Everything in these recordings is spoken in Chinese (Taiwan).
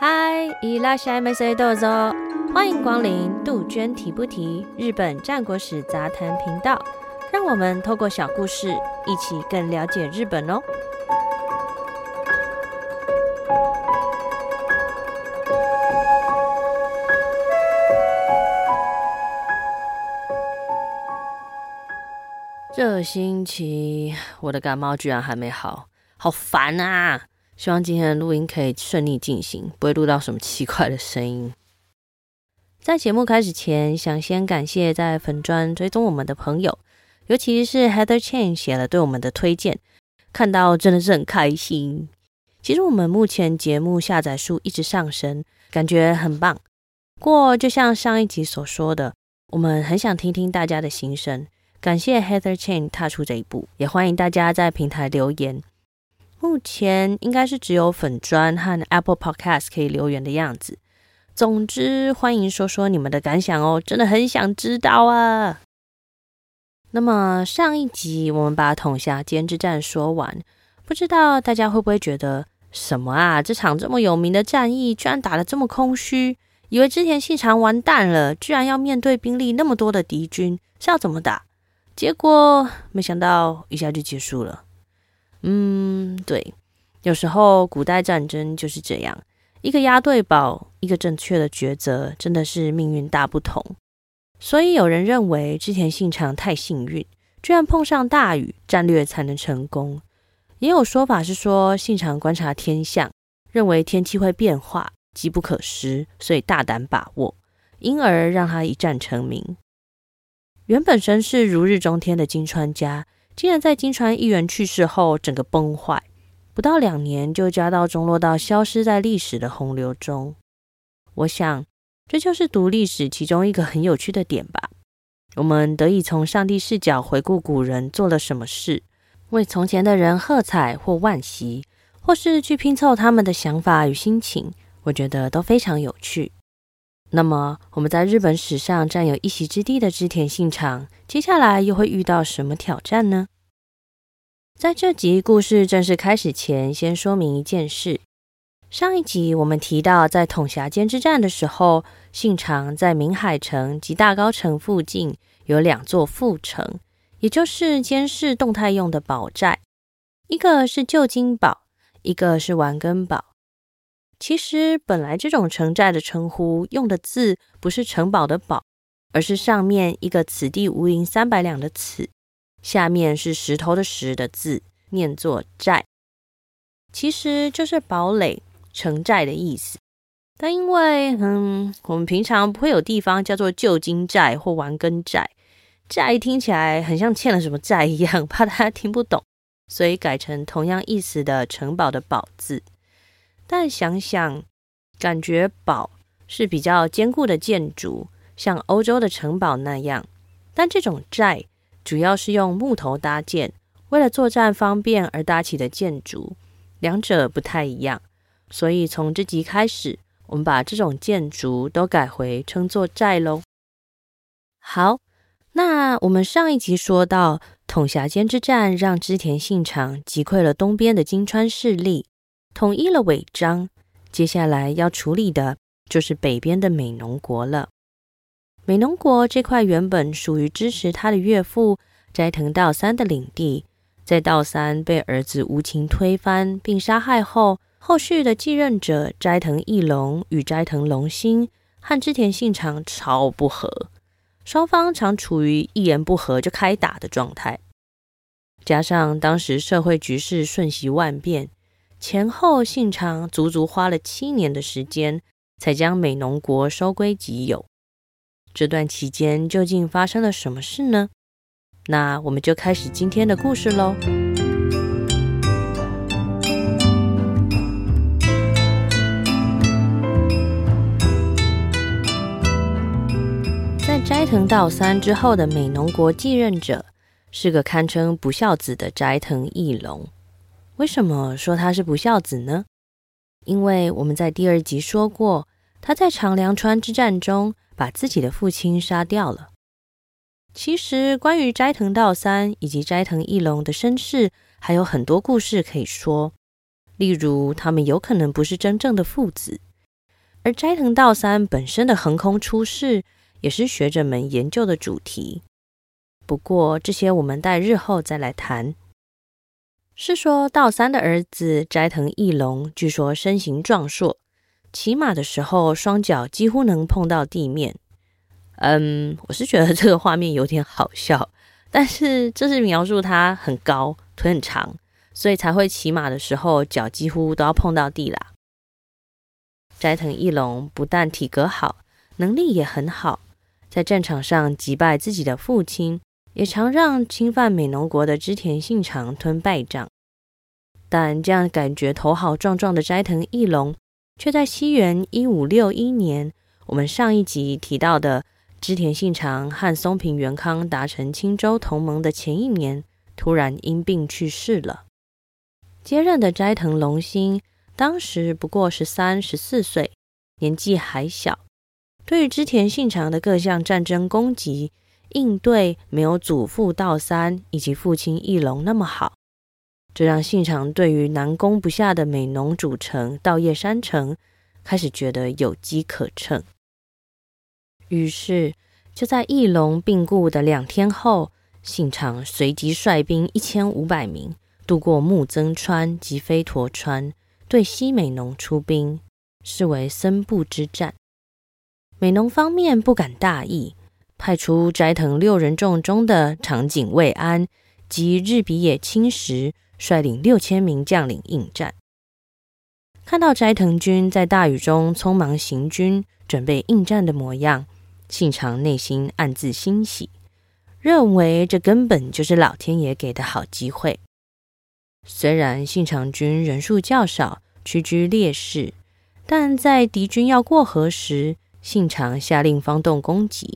嗨，いらっしゃいませ、どうぞ！歡迎光臨杜鵑提不提日本戰國史雜談頻道，讓我們透過小故事，一起更了解日本哦。這星期我的感冒居然還沒好，好煩啊！希望今天的錄音可以順利進行，不會錄到什麼奇怪的聲音。在節目開始前，想先感謝在粉專追蹤我們的朋友，尤其是 Heather Chen 寫了對我們的推薦，看到真的是很開心。其實我們目前節目下載數一直上升，感覺很棒。不過就像上一集所說的，我們很想聽聽大家的心聲。感謝 Heather Chain 踏出這一步，也歡迎大家在平台留言。目前應該是只有粉專和 Apple Podcast 可以留言的樣子。總之，歡迎說說你們的感想哦，真的很想知道啊！那麼上一集我們把桶狹間之戰說完，不知道大家會不會覺得什麼啊？這場這麼有名的戰役，居然打得這麼空虛？以為織田信長完蛋了，居然要面對兵力那麼多的敵軍，是要怎麼打？結果沒想到一下就結束了。嗯，對，有時候古代戰爭就是這樣，一個押對寶，一個正確的抉擇，真的是命運大不同。所以有人認為織田信長太幸運，居然碰上大雨，戰略才能成功。也有說法是說，信長觀察天象，認為天氣會變化，機不可失，所以大膽把握，因而讓他一戰成名。原本聲勢如日中天的今川家，竟然在今川義元去世後整個崩壞，不到兩年就家道中落到消失在歷史的洪流中。我想，這就是讀歷史其中一個很有趣的點吧。我們得以從上帝視角回顧古人做了什麼事，為從前的人喝彩或惋惜，或是去拼湊他們的想法與心情，我覺得都非常有趣。那麼，我們在日本史上佔有一席之地的織田信長，接下來又會遇到什麼挑戰呢？在這集故事正式開始前，先說明一件事：上一集我們提到，在統轄間桶狹間之戰的時候，信長在鳴海城及大高城附近有兩座副城，也就是監視動態用的堡寨，一個是舊金堡，一個是丸根堡。其實本來這種城寨的稱呼用的字不是城堡的“堡”，而是上面一個“此地無銀三百兩”的“此”，下面是石頭的“石”的字，念作“寨”，其實就是堡壘、城寨的意思。但因為嗯，我們平常不會有地方叫做舊金寨或丸根寨，“寨”一聽起來很像欠了什麼債一樣，怕大家聽不懂，所以改成同樣意思的城堡的“堡”字。但想想，感覺堡是比較堅固的建築，像歐洲的城堡那樣。但這種寨主要是用木頭搭建，為了作戰方便而搭起的建築，兩者不太一樣。所以從這集開始，我們把這種建築都改回稱作寨咯。好，那我們上一集說到桶狹間之戰，讓織田信長擊潰了東邊的今川勢力。統一了尾張，接下來要處理的就是北邊的美濃國了。美濃國這塊原本屬於支持他的岳父齋藤道三的領地，在道三被兒子無情推翻並殺害後，後續的繼任者齋藤義龍與齋藤龍興和織田信長超不合，雙方常處於一言不合就開打的狀態。加上當時社會局勢瞬息萬變。前後信長足足花了七年的時間，才將美濃國收歸己有。這段期間究竟發生了什麼事呢？那我們就開始今天的故事嘍。在齋藤道三之後的美濃國繼任者，是個堪稱不孝子的齋藤義龍。為什麼說他是不孝子呢？因為我們在第二集說過，他在長良川之戰中把自己的父親殺掉了。其實，關於齋藤道三以及齋藤義龍的身世還有很多故事可以說。例如，他們有可能不是真正的父子，而齋藤道三本身的橫空出世也是學者們研究的主題。不過，這些我們待日後再來談。是說，道三的兒子齋藤義龍，據說身形壯碩，騎馬的時候雙腳幾乎能碰到地面。嗯，我是覺得這個畫面有點好笑，但是這是描述他很高，腿很長，所以才會騎馬的時候腳幾乎都要碰到地啦。齋藤義龍不但體格好，能力也很好，在戰場上擊敗自己的父親。也常讓侵犯美濃國的織田信長吞敗仗，但這樣感覺頭好壯壯的齋藤義龍，卻在西元一五六一年，我們上一集提到的織田信長和松平元康達成清洲同盟的前一年，突然因病去世了。接任的齋藤龍興當時不過十三、十四歲，年紀還小，對於織田信長的各項戰爭攻擊，應對沒有祖父道三以及父親義龍那麼好，這讓信長對於難攻不下的美濃主城稻葉山城開始覺得有機可乘。於是，就在義龍病故的兩天後，信長隨即率兵一千五百名渡過木曾川及飛驒川，對西美濃出兵，是為森部之戰。美濃方面不敢大意。派出齋藤六人眾中的長井未安及日比野清實率領六千名將領應戰。看到齋藤軍在大雨中匆忙行軍，準備應戰的模樣，信長內心暗自欣喜，認為這根本就是老天爺給的好機會。雖然信長軍人數較少，屈居劣勢，但在敵軍要過河時，信長下令發動攻擊。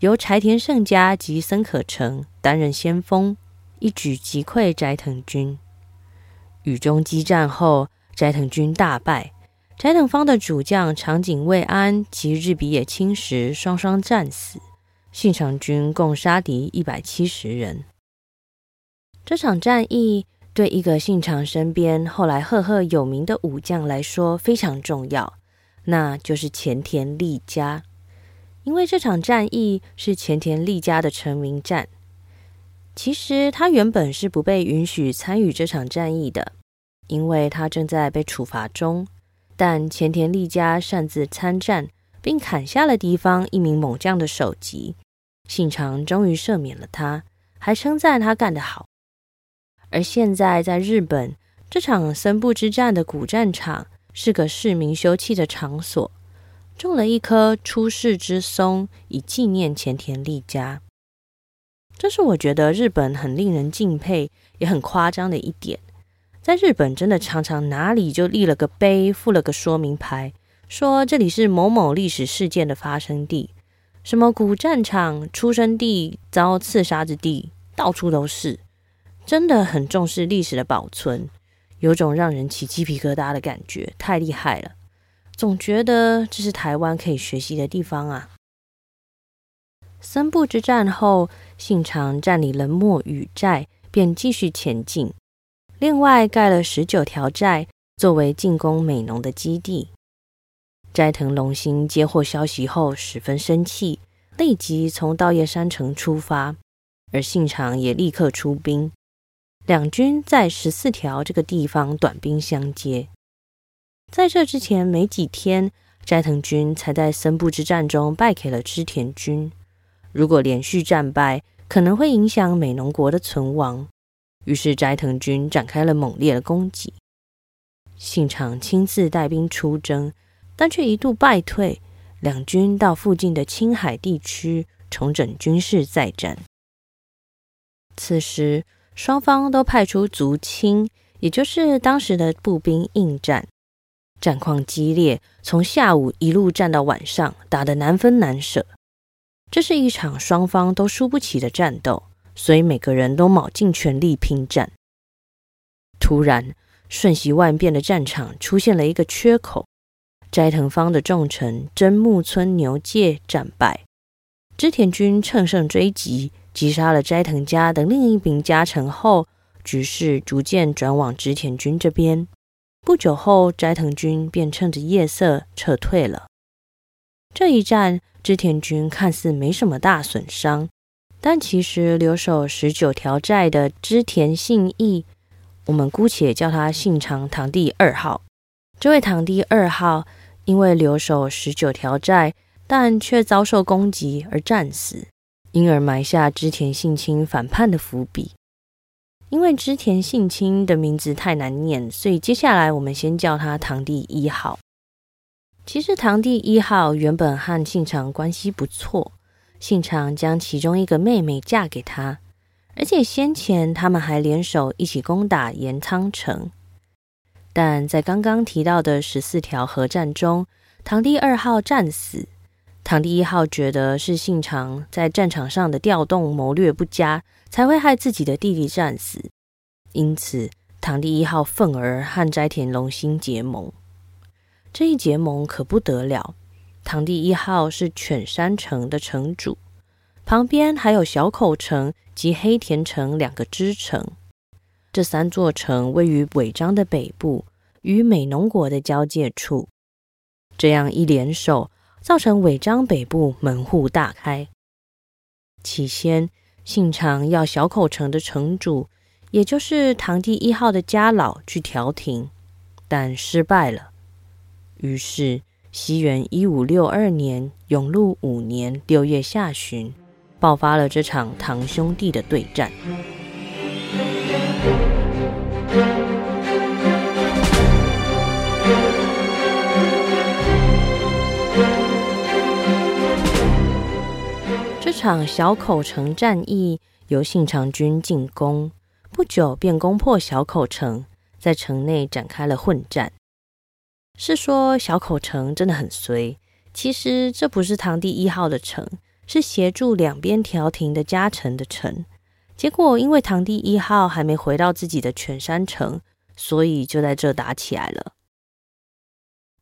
由柴田勝家及森可成擔任先鋒，一舉擊潰齋藤軍。雨中激戰後，齋藤軍大敗，齋藤方的主將長井衛安及日比野清實雙雙戰死。信長軍共殺敵一百七十人。這場戰役對一個信長身邊後來赫赫有名的武將來說非常重要，那就是前田利家。因為這場戰役是前田利家的成名戰，其實他原本是不被允許參與這場戰役的，因為他正在被處罰中。但前田利家擅自參戰，並砍下了敵方一名猛將的首級，信長終於赦免了他，還稱讚他幹得好。而現在，在日本，這場森部之戰的古戰場是個市民休憩的場所。種了一棵出世之松，以紀念前田利家。這是我覺得日本很令人敬佩也很誇張的一點。在日本，真的常常哪裡就立了個碑，附了個說明牌，說這裡是某某歷史事件的發生地，什麼古戰場、出生地、遭刺殺之地，到處都是。真的很重視歷史的保存，有種讓人起雞皮疙瘩的感覺，太厲害了。總覺得這是台灣可以學習的地方啊！森部之戰後，信長佔領了墨俁寨，便繼續前進。另外，蓋了十九條寨作為進攻美濃的基地。齋藤龍興接獲消息後十分生氣，立即從稻葉山城出發，而信長也立刻出兵，兩軍在十四條這個地方短兵相接。在這之前沒幾天，齋藤軍才在森部之戰中敗給了織田軍。如果連續戰敗，可能會影響美濃國的存亡。於是齋藤軍展開了猛烈的攻擊，信長親自帶兵出征，但卻一度敗退。兩軍到附近的輕海地區重整軍勢再戰。此時雙方都派出足輕，也就是當時的步兵應戰。戰況激烈，從下午一路戰到晚上，打得難分難捨。這是一場雙方都輸不起的戰鬥，所以每個人都卯盡全力拼戰。突然，瞬息萬變的戰場出現了一個缺口，齋藤方的重臣真木村牛介戰敗，織田軍乘勝追擊，擊殺了齋藤家的另一名家臣後，局勢逐漸轉往織田軍這邊。不久後，齋藤軍便趁着夜色撤退了。這一戰，織田軍看似沒什麼大損傷，但其實留守十九條寨的織田信義，我們姑且叫他信長堂弟二號。這位堂弟二號因為留守十九條寨，但卻遭受攻擊而戰死，因而埋下織田信清反叛的伏筆。因為織田信清的名字太難念，所以接下來我們先叫他堂弟一號。其實堂弟一號原本和信長關係不錯，信長將其中一個妹妹嫁給他，而且先前他們還聯手一起攻打岩倉城。但在剛剛提到的十四條合戰中，堂弟二號戰死。堂弟一號覺得是信長在戰場上的調動謀略不佳，才會害自己的弟弟戰死，因此堂弟一號憤而和齋田龍興結盟。這一結盟可不得了，堂弟一號是犬山城的城主，旁邊還有小口城及黑田城兩個支城。這三座城位於尾張的北部，與美濃國的交界處。這樣一聯手。造成尾張北部門戶大開。起先，信長要小口城的城主，也就是堂弟一號的家老去調停，但失敗了。於是，西元一五六二年永祿五年六月下旬，爆發了這場堂兄弟的對戰。場小口城戰役由信長軍進攻，不久便攻破小口城，在城內展開了混戰。是說小口城真的很衰，其實這不是堂弟一號的城，是協助兩邊調停的家臣的城。結果因為堂弟一號還沒回到自己的犬山城，所以就在這打起來了。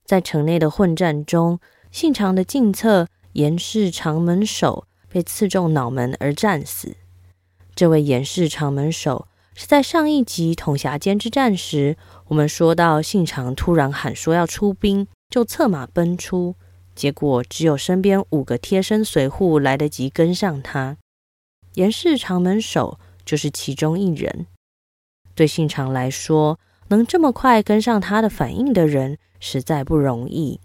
在城內的混戰中，信長的近側岩室長門守。被刺中腦門而戰死。這位岩室長門守是在上一集桶狹間之戰時，我們說到信長突然喊說要出兵，就策馬奔出，結果只有身邊五個貼身隨護來得及跟上他。岩室長門守就是其中一人。對信長來說，能這麼快跟上他的反應的人實在不容易，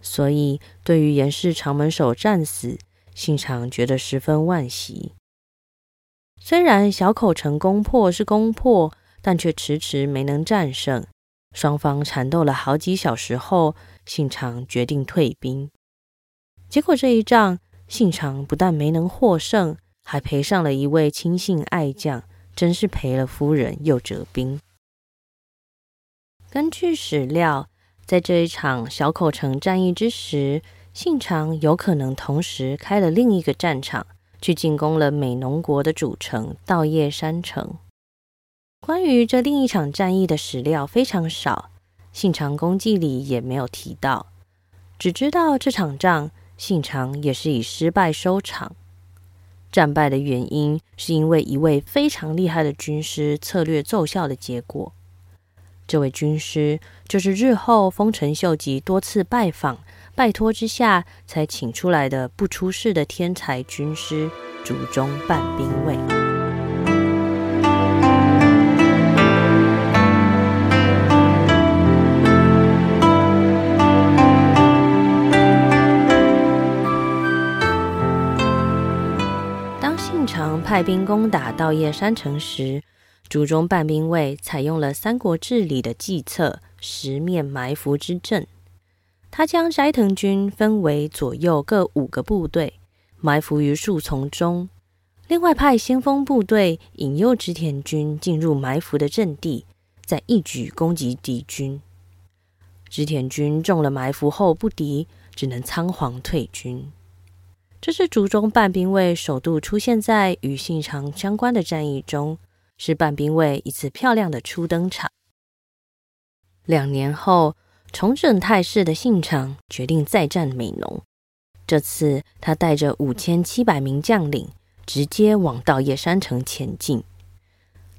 所以對於岩室長門守戰死。信長覺得十分惋惜，雖然小口城攻破是攻破，但卻遲遲沒能戰勝。雙方纏鬥了好幾小時後，信長決定退兵。結果這一仗，信長不但沒能獲勝，還賠上了一位親信愛將，真是賠了夫人又折兵。根據史料，在這一場小口城戰役之時，信長有可能同時開了另一個戰場，去進攻了美濃國的主城稻葉山城。關於這另一場戰役的史料非常少，信長功績裡也沒有提到，只知道這場仗信長也是以失敗收場。戰敗的原因是因為一位非常厲害的軍師策略奏效的結果。這位軍師就是日後豐臣秀吉多次拜訪，拜託之下才請出來的不出世的天才軍師竹中半兵衛。當信長派兵攻打稻葉山城時，竹中半兵衛採用了《三國志》裡的計策——十面埋伏之陣。他將齋藤軍分為左右各五個部隊，埋伏於樹叢中，另外派先鋒部隊引誘織田軍進入埋伏的陣地，再一舉攻擊敵軍。織田軍中了埋伏後不敵，只能倉皇退軍。這是竹中半兵衛首度出現在與信長相關的戰役中，是半兵衛一次漂亮的初登場。兩年後。重整態勢的信長決定再戰美濃，這次他帶着五千七百名將領直接往稻葉山城前進。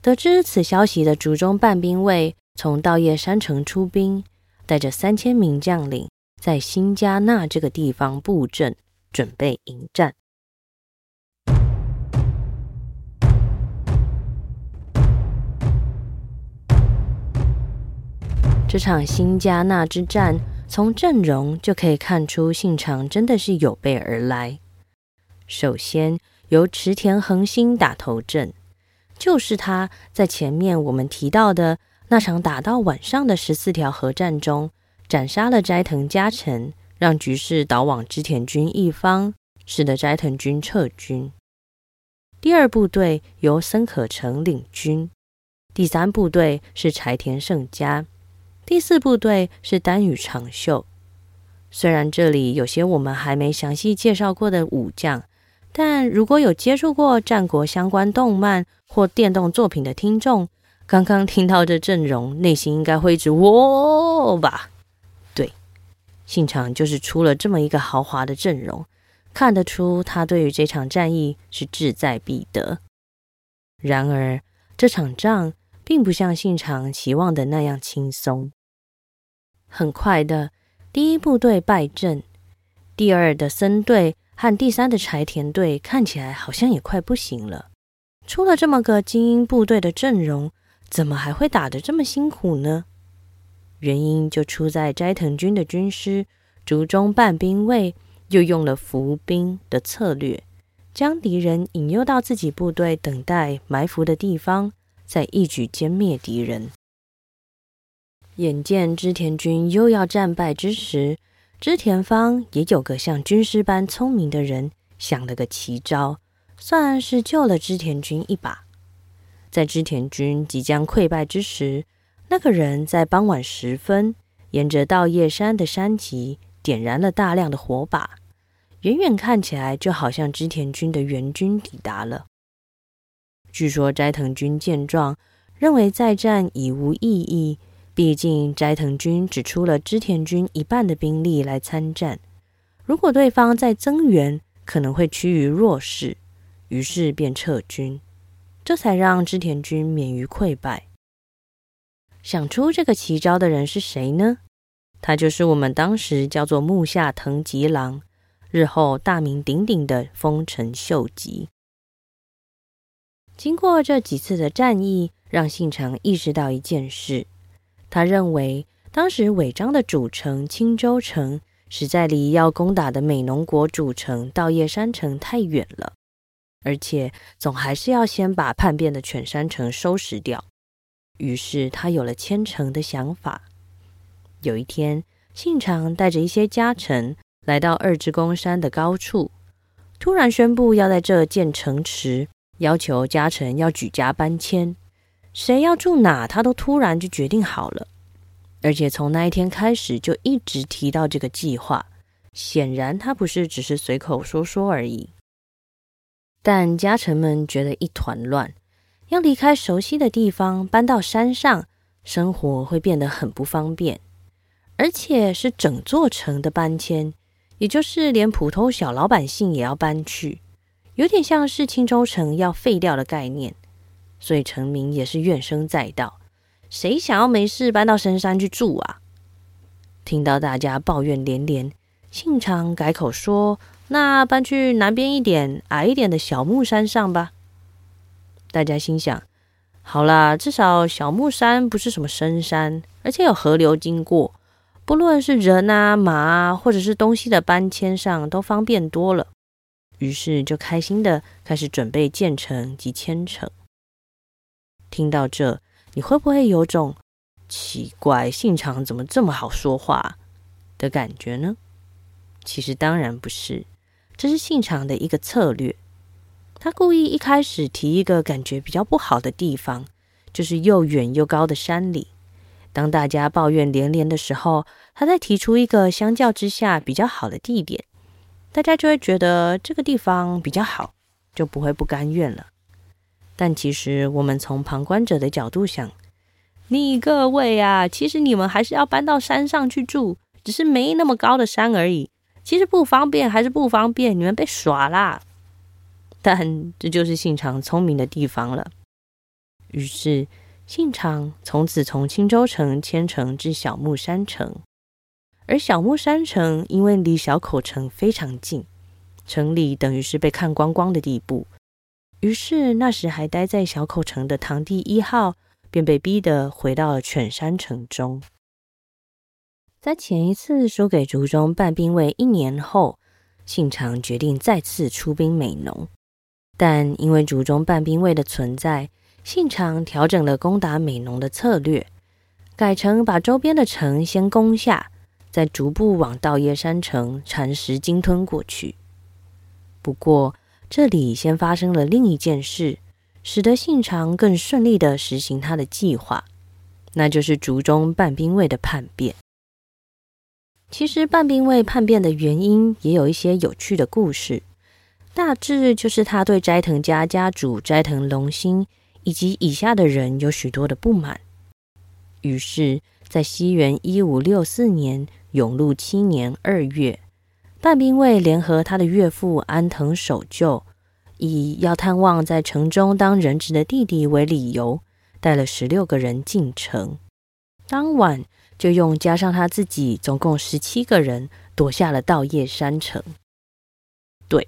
得知此消息的竹中半兵衛從稻葉山城出兵，帶着三千名將領在新加納這個地方布陣，準備迎戰。這場新加納之戰，從陣容就可以看出，信長真的是有備而來。首先由池田恆興打頭陣，就是他在前面我們提到的那場打到晚上的十四條合戰中，斬殺了齋藤家臣，讓局勢倒往織田軍一方，使得齋藤軍撤軍。第二部隊由森可成領軍，第三部隊是柴田勝家。第四部隊是丹羽長秀。雖然這裡有些我們還沒詳細介紹過的武將，但如果有接觸過戰國相關動漫或電動作品的聽眾，剛剛聽到這陣容，內心應該會一直喔吧？對，信長就是出了這麼一個豪華的陣容，看得出他對於這場戰役是志在必得。然而，這場仗並不像信長期望的那樣輕鬆。很快的，第一部隊敗陣，第二的森隊和第三的柴田隊看起來好像也快不行了。出了這麼個精英部隊的陣容，怎麼還會打得這麼辛苦呢？原因就出在齋藤軍的軍師，竹中半兵衛，又用了伏兵的策略，將敵人引誘到自己部隊等待埋伏的地方，再一舉殲滅敵人。眼見織田軍又要戰敗之時，織田方也有個像軍師般聰明的人，想了個奇招，算是救了織田軍一把。在織田軍即將潰敗之時，那個人在傍晚時分，沿着稻葉山的山脊點燃了大量的火把，遠遠看起來就好像織田軍的援軍抵達了。據說齋藤軍見狀，認為再戰已無意義。畢竟齋藤軍只出了織田軍一半的兵力來參戰，如果對方再增援，可能會趨於弱勢，於是便撤軍，這才讓織田軍免於潰敗。想出這個奇招的人是誰呢？他就是我們當時叫做木下藤吉郎，日後大名鼎鼎的豐臣秀吉。經過這幾次的戰役，讓信長意識到一件事。他認為，當時尾張的主城青州城實在離要攻打的美濃國主城稻葉山城太遠了，而且總還是要先把叛變的犬山城收拾掉。於是他有了遷城的想法。有一天，信長帶着一些家臣來到二之宮山的高處，突然宣布要在這建城池，要求家臣要舉家搬遷。誰要住哪，他都突然就決定好了，而且從那一天開始就一直提到這個計劃。顯然，他不是只是隨口說說而已。但家臣們覺得一團亂，要離開熟悉的地方搬到山上，生活會變得很不方便，而且是整座城的搬遷，也就是連普通小老百姓也要搬去，有點像是清洲城要廢掉的概念。所以，臣民也是怨聲載道。誰想要沒事搬到深山去住啊？聽到大家抱怨連連，信長改口說：“那搬去南邊一點、矮一點的小牧山上吧。”大家心想：“好啦，至少小牧山不是什麼深山，而且有河流經過，不論是人啊、馬啊，或者是東西的搬遷上，都方便多了。”於是就開心的開始準備建城及遷城。聽到這，你會不會有種奇怪信長怎麼這麼好說話的感覺呢？其實當然不是，這是信長的一個策略。他故意一開始提一個感覺比較不好的地方，就是又遠又高的山裡。當大家抱怨連連的時候，他再提出一個相較之下比較好的地點，大家就會覺得這個地方比較好，就不會不甘願了。但其實，我們從旁觀者的角度想，你各位啊，其實你們還是要搬到山上去住，只是沒那麼高的山而已。其實不方便，還是不方便，你們被耍啦。但這就是信長聰明的地方了。於是，信長從此從清洲城遷城至小牧山城，而小牧山城因為離小口城非常近，城裡等於是被看光光的地步。於是，那時還待在小口城的堂弟一號，便被逼得回到了犬山城中。在前一次輸給竹中半兵衛一年後，信長決定再次出兵美濃，但因為竹中半兵衛的存在，信長調整了攻打美濃的策略，改成把周邊的城先攻下，再逐步往稻葉山城、蠶食鯨吞過去。不過，這裡先發生了另一件事，使得信長更順利的實行他的計劃，那就是竹中半兵衛的叛變。其實半兵衛叛變的原因也有一些有趣的故事，大致就是他對齋藤家家主齋藤龍興以及以下的人有許多的不滿，於是，在西元一五六四年永祿七年二月。半兵衛聯合他的岳父、安藤守就，以要探望在城中當人質的弟弟為理由，帶了十六個人進城。當晚就用加上他自己，總共十七個人奪下了稻葉山城。對，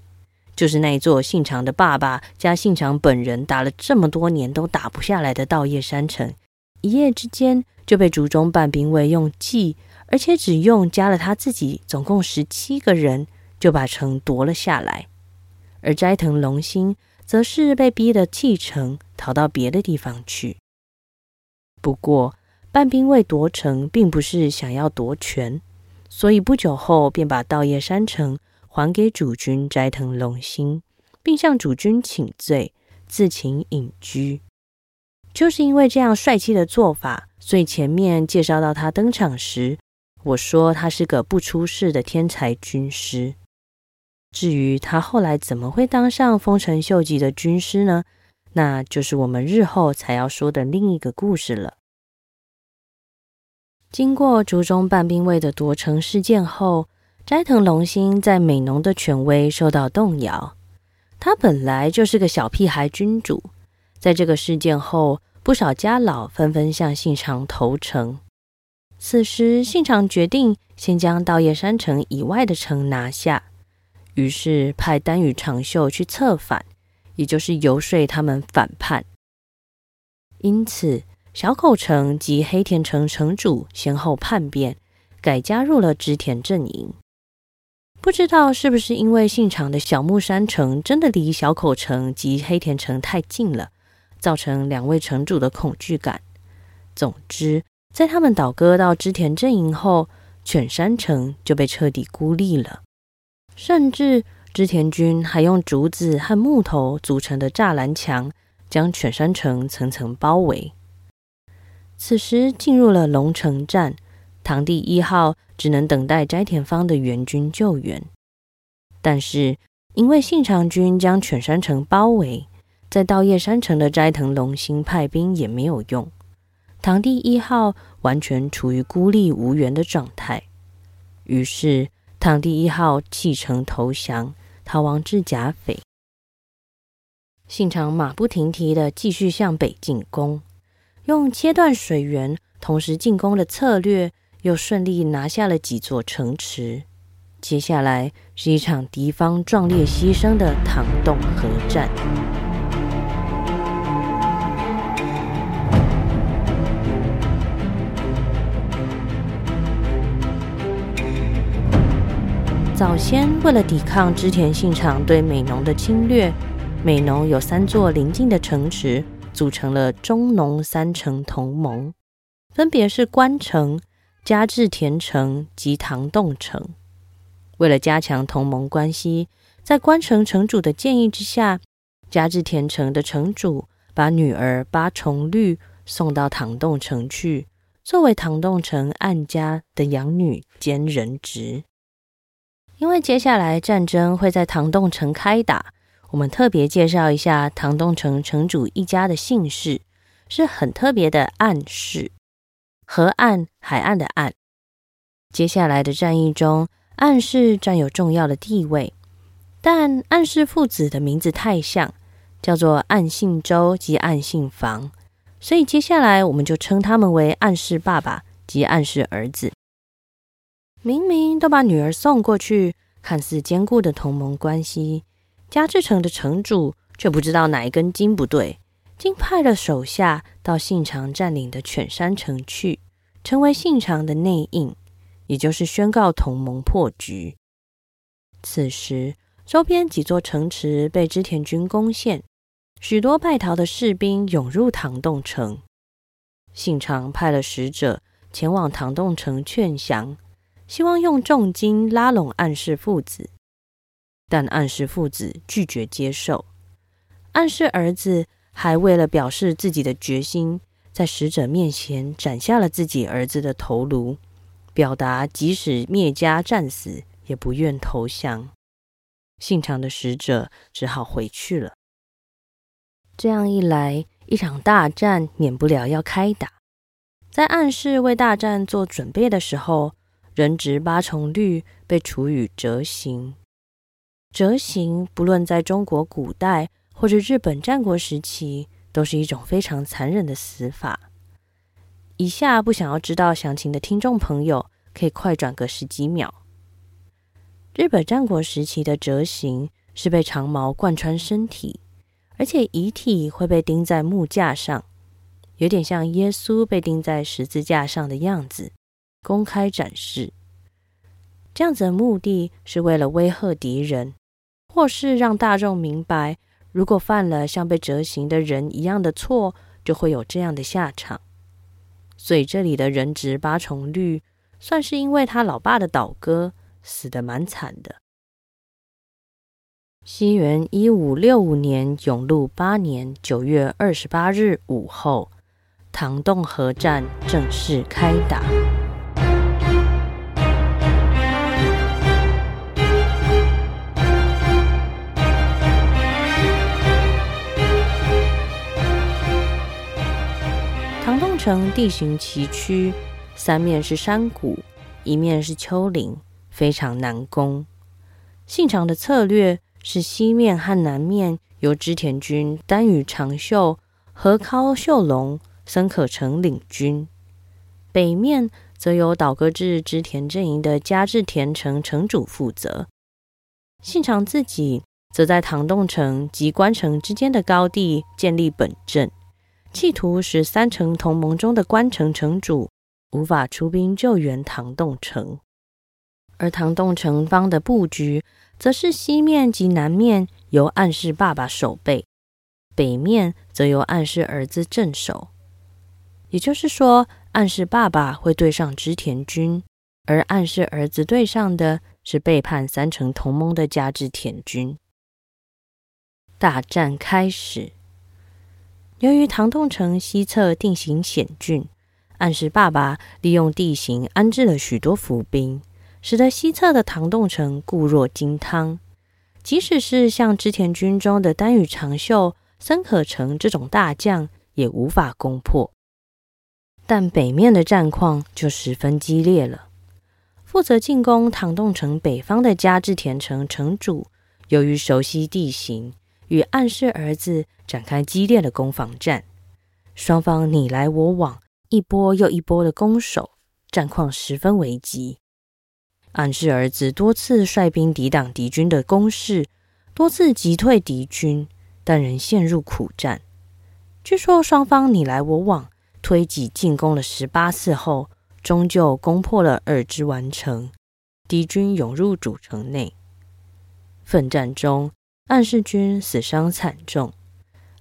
就是那一座信長的爸爸加信長本人打了這麼多年都打不下來的稻葉山城，一夜之間就被竹中半兵衛用計。而且只用加了他自己，總共十七個人就把城奪了下來。而齋藤龍興則是被逼得棄城逃到別的地方去。不過半兵衛奪城並不是想要奪權，所以不久後便把稻葉山城還給主君齋藤龍興，並向主君請罪，自請隱居。就是因為這樣帥氣的做法，所以前面介紹到他登場時。我說他是個不出世的天才軍師。至於他後來怎麼會當上豐臣秀吉的軍師呢？那就是我們日後才要說的另一個故事了。經過竹中半兵衛的奪城事件後，齋藤龍興在美濃的權威受到動搖。他本來就是個小屁孩君主，在這個事件後，不少家老紛紛向信長投誠。此時，信長決定先將稻葉山城以外的城拿下，於是派丹羽長秀去策反，也就是游說他們反叛。因此，小口城及黑田城城主先後叛變，改加入了織田陣營。不知道是不是因為信長的小牧山城真的離小口城及黑田城太近了，造成兩位城主的恐懼感。總之。在他們倒戈到織田陣營後，犬山城就被徹底孤立了。甚至織田軍還用竹子和木頭組成的柵欄牆，將犬山城層層包圍。此時進入了籠城戰，堂弟一號只能等待齋田方的援軍救援。但是因為信長軍將犬山城包圍，在稻葉山城的齋藤龍興派兵也沒有用。堂弟一號完全處於孤立無援的狀態，於是堂弟一號棄城投降，逃亡至甲斐。信長馬不停蹄地繼續向北進攻，用切斷水源、同時進攻的策略，又順利拿下了幾座城池。接下來是一場敵方壯烈犧牲的堂洞合戰。早先，為了抵抗織田信長對美濃的侵略，美濃有三座鄰近的城池組成了中濃三城同盟，分別是關城、加治田城及堂洞城。為了加強同盟關係，在關城城主的建議之下，加治田城的城主把女兒八重綠送到堂洞城去，作為堂洞城岸家的養女兼人質。因為接下來戰爭會在堂洞城開打，我們特別介紹一下堂洞城城主一家的姓氏，是很特別的岸氏，河岸、海岸的岸。接下來的戰役中，岸氏占有重要的地位，但岸氏父子的名字太像，叫做岸信周及岸信房，所以接下來我們就稱他們為岸氏爸爸及岸氏兒子。明明都把女兒送過去，看似堅固的同盟關係，加治城的城主卻不知道哪一根筋不對，竟派了手下到信長占領的犬山城去，成為信長的內應，也就是宣告同盟破局。此時，周邊幾座城池被織田軍攻陷，許多敗逃的士兵湧入堂洞城，信長派了使者前往堂洞城勸降。希望用重金拉攏岸氏父子，但岸氏父子拒絕接受。岸氏兒子還為了表示自己的決心，在使者面前斬下了自己兒子的頭顱，表達即使滅家戰死，也不願投降。信長的使者只好回去了。這樣一來，一場大戰免不了要開打。在岸氏為大戰做準備的時候，人質八重律，被處以磔刑。磔刑不論在中國古代或者日本戰國時期，都是一種非常殘忍的死法。以下不想要知道詳情的聽眾朋友，可以快轉個十幾秒。日本戰國時期的磔刑是被長矛貫穿身體，而且遺體會被釘在木架上，有點像耶穌被釘在十字架上的樣子。公開展示，這樣子的目的是為了威嚇敵人，或是讓大眾明白，如果犯了像被磔刑的人一樣的錯，就會有這樣的下場。所以這裡的人質八重率，算是因為他老爸的倒戈，死得蠻慘的。西元一五六五年永祿八年九月二十八日午後，堂洞合戰正式開打。城地形崎嶇，三面是山谷，一面是丘陵，非常難攻。信長的策略是西面和南面由織田軍丹羽長秀、河尻秀隆、森可成領軍，北面則由倒戈至織田陣營的加治田城城主負責。信長自己則在堂洞城及關城之間的高地建立本陣，企圖使三城同盟中的關城城主無法出兵救援堂洞城，而堂洞城方的布局，則是西面及南面由岸氏爸爸守備，北面則由岸氏兒子鎮守。也就是說，岸氏爸爸會對上織田軍，而岸氏兒子對上的是背叛三城同盟的加治田軍。大戰開始。由於堂洞城西側地形險峻，岸氏爸爸利用地形安置了許多伏兵，使得西側的堂洞城固若金湯。即使是像織田軍中的丹羽長秀、森可成這種大將，也無法攻破。但北面的戰況就十分激烈了。負責進攻堂洞城北方的加治田城城主，由於熟悉地形，與岸氏兒子展開激烈的攻防戰，雙方你來我往，一波又一波的攻守，戰況十分危急。岸氏兒子多次率兵抵擋敵軍的攻勢，多次擊退敵軍，但仍陷入苦戰。據說雙方你來我往，推擠進攻了十八次後，終究攻破了二之丸城，敵軍湧入主城內，奮戰中。岸氏軍死傷慘重，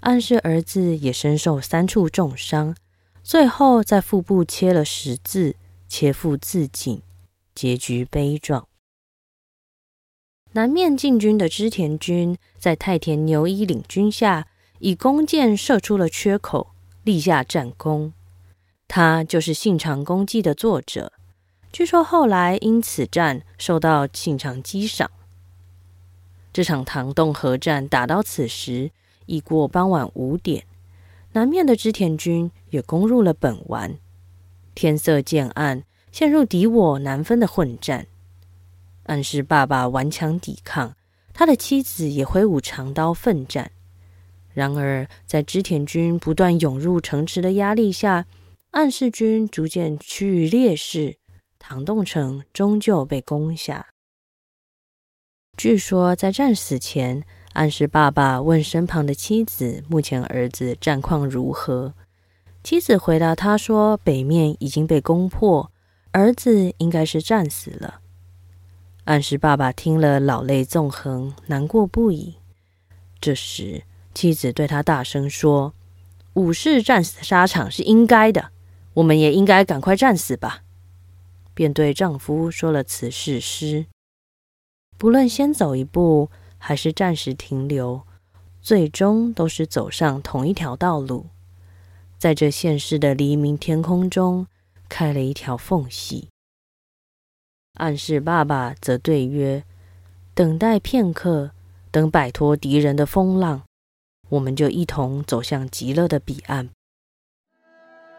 岸氏兒子也身受三處重傷，最後在腹部切了十字切腹自盡，結局悲壯。南面進軍的織田軍，在太田牛一領軍下，以弓箭射出了缺口，立下戰功。他就是信長公記的作者，據說後來因此戰受到信長激賞。這場堂洞合戰打到此時已過傍晚五點，南面的織田軍也攻入了本丸。天色漸暗，陷入敵我難分的混戰。岸氏爸爸頑強抵抗，他的妻子也揮舞長刀奮戰。然而，在織田軍不斷湧入城池的壓力下，岸氏軍逐漸趨於劣勢，堂洞城終究被攻下。據說，在戰死前，岸氏爸爸問身旁的妻子：“目前兒子戰況如何？”妻子回答他說：“北面已經被攻破，兒子應該是戰死了。”岸氏爸爸聽了，老淚縱橫，難過不已。這時，妻子對他大聲說：“武士戰死沙場是應該的，我們也應該趕快戰死吧！”便對丈夫說了辭世詩。不論先走一步，還是暫時停留，最終都是走上同一條道路，在這現世的黎明天空中開了一條縫隙。暗示爸爸則對曰：“等待片刻，等擺脫敵人的風浪，我們就一同走向極樂的彼岸。”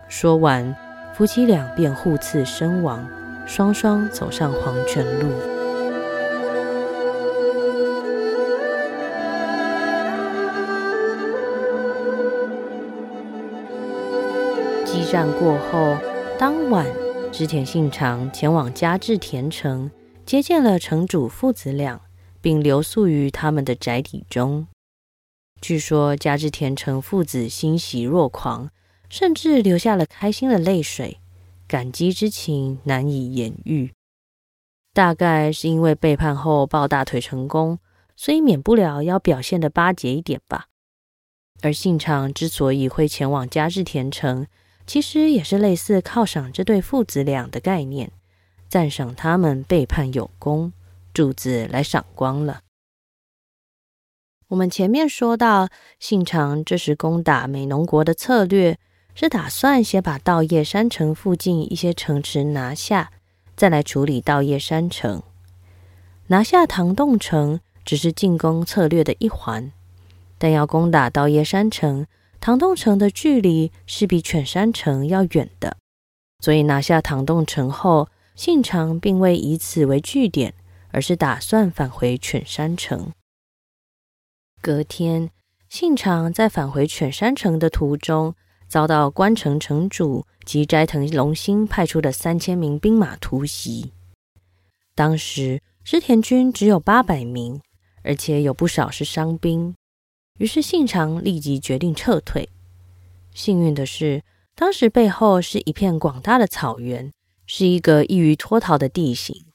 說完，夫妻倆便互刺身亡，雙雙走上黃泉路。戰過後，當晚織田信長前往加治田城，接見了城主父子倆，並留宿於他們的宅邸中。據說加治田城父子欣喜若狂，甚至流下了開心的淚水，感激之情難以言喻。大概是因為背叛後抱大腿成功，所以免不了要表現得巴結一點吧。而信長之所以會前往加治田城，其實也是類似犒賞這對父子倆的概念，讚賞他們背叛有功，主子來賞光了。我們前面說到，信長這時攻打美濃國的策略是打算先把稻葉山城附近一些城池拿下，再來處理稻葉山城。拿下堂洞城只是進攻策略的一環，但要攻打稻葉山城，唐洞城的距離是比犬山城要遠的，所以拿下唐洞城後，信長並未以此為據點，而是打算返回犬山城。隔天，信長在返回犬山城的途中，遭到關城城主及齋藤龍興派出的三千名兵馬突襲。當時織田軍只有八百名，而且有不少是傷兵。於是信長立即決定撤退。幸運的是，當時背後是一片廣大的草原，是一個易於脫逃的地形。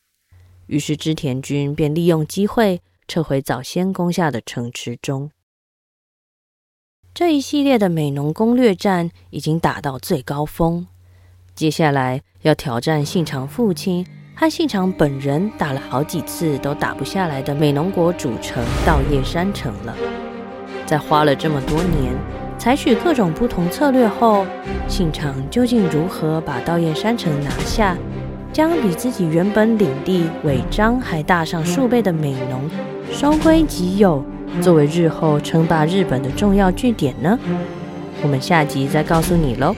於是織田軍便利用機會撤回早先攻下的城池中。這一系列的美濃攻略戰已經打到最高峰，接下來要挑戰信長父親和信長本人打了好幾次都打不下來的美濃國主城稻葉山城了。在花了這麼多年，採取各種不同策略後，信長究竟如何把稻葉山城拿下，將比自己原本領地尾張還大上數倍的美濃收歸己有，作為日後稱霸日本的重要據點呢？我們下集再告訴你嘍。